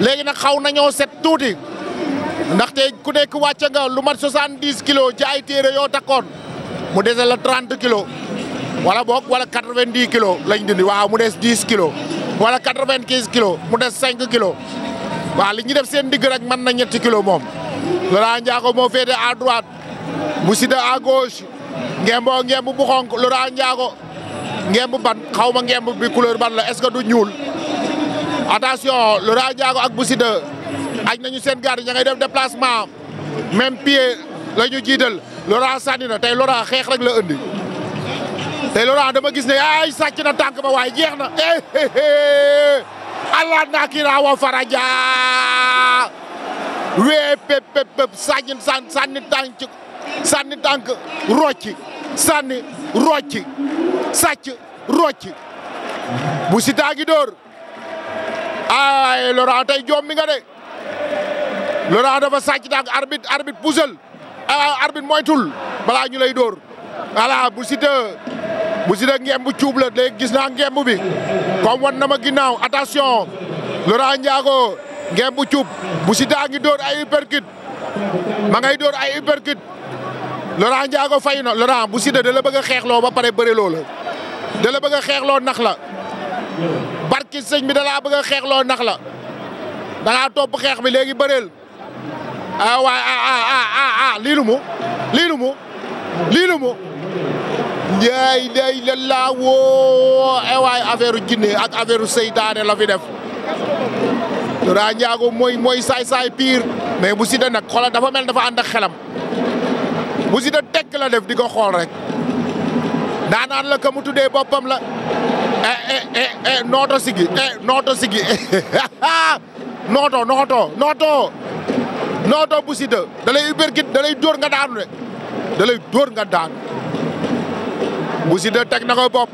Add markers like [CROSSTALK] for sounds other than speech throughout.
léegi nag xaw nañoo set tuuti ndaxte ku nekk wàcce nga lu mat soixante-dix kilos ci ay téere yoo takkoon mu dese la trente kilos wala boog wala quatre vingt kilos lañ dindi waaw mu des dix kilos wala quatre vingt kilos mu des cinq kilos waaw li ñu def seen digg rek mën na ñetti kilos moom Laurent Ndiago moo féete à droite Boussida à ngemb boo ngemb bu xonk lu raa njaago ngemb ban xaw ma ngemb bi couleur ban la est ce que du ñuul attention lu raa njaago ak bu sida aj nañu seen garde ña ngay def déplacement même pied la ñu jiital Laurent sànni na tey Laurent xeex rek la andi tey Laurent dama gis ne ay sàcc na tànk ba waaye jeex na eh, eh, eh. allah nakira wa faraja wee pep pep sànni sànni tànk sànni tànk rocci sànni rocci sàcc rocci bu Siteu gi dóor ay Laurent tey joom mi de Laurent dafa sàcc tànk arbitre arbitre puusal ah arbitre moytul balaa ñu lay dóor voilà bu bu ngemb cuub la léegi gis naa ngemb bi comme wan ma ginnaaw attention Laurent Ndiago ngemb bu Siteu a ngi dóor ay uppercut ma ngay ay uppercut Laurent Ndiago fay na Laurent bu Siteu da la bëgg a ba pare bëri loo la da la xeexloo nax la barki sëñ bi da laa bëgg a xeexloo nax la da xeex bi léegi bëreel ah waay ah ah ah ah ah lii lu mu lii lii la laa woo ay eh, waay affaire u jinne ak affaire u seytaane la fi def Laurent njaago mooy mooy saay-saay pire mais bu Siteu nag xoolal dafa mel dafa ànd ak xelam bu si da tekk la def di ko xool rek daanaan la ka mu tuddee boppam la e e e nooto sigi e nooto [LAUGHS] nooto nooto nooto nooto bu si da da lay dóor nga daanu de da lay nga daanu bu si na ko bopp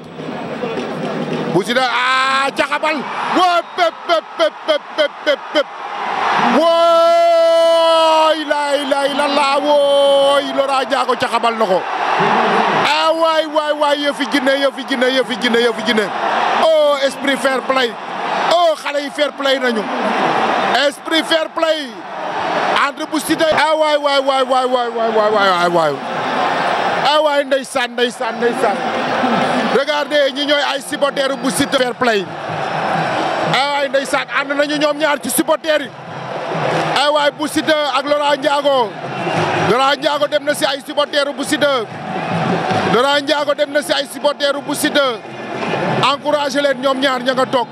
bu si da a ah, caxabal wo pep Laurent Ndiago caxabal na ko ah waay waay waay yëfi jinne yëfi jinne yëfi jinne yëfi jinne oh esprit fair play oh xale yi fair play nañu esprit fair play entre bu si day ah waay waay waay waay waay waay waay waay waay waay ah waay ndeysaan ndeysaan ndeysaan regardez ñi ñooy ay supporters bu site fair play ah waay ndeysaan ànd nañu ñoom ñaar ci supporters yi ay waay bu Siteu ak Laurent Ndiago Laurent Ndiago dem na si ay supporteru bu Siteu Laurent Ndiago dem na si ay supporteru bu Siteu encouragé leen ñoom ñaar ña nga toog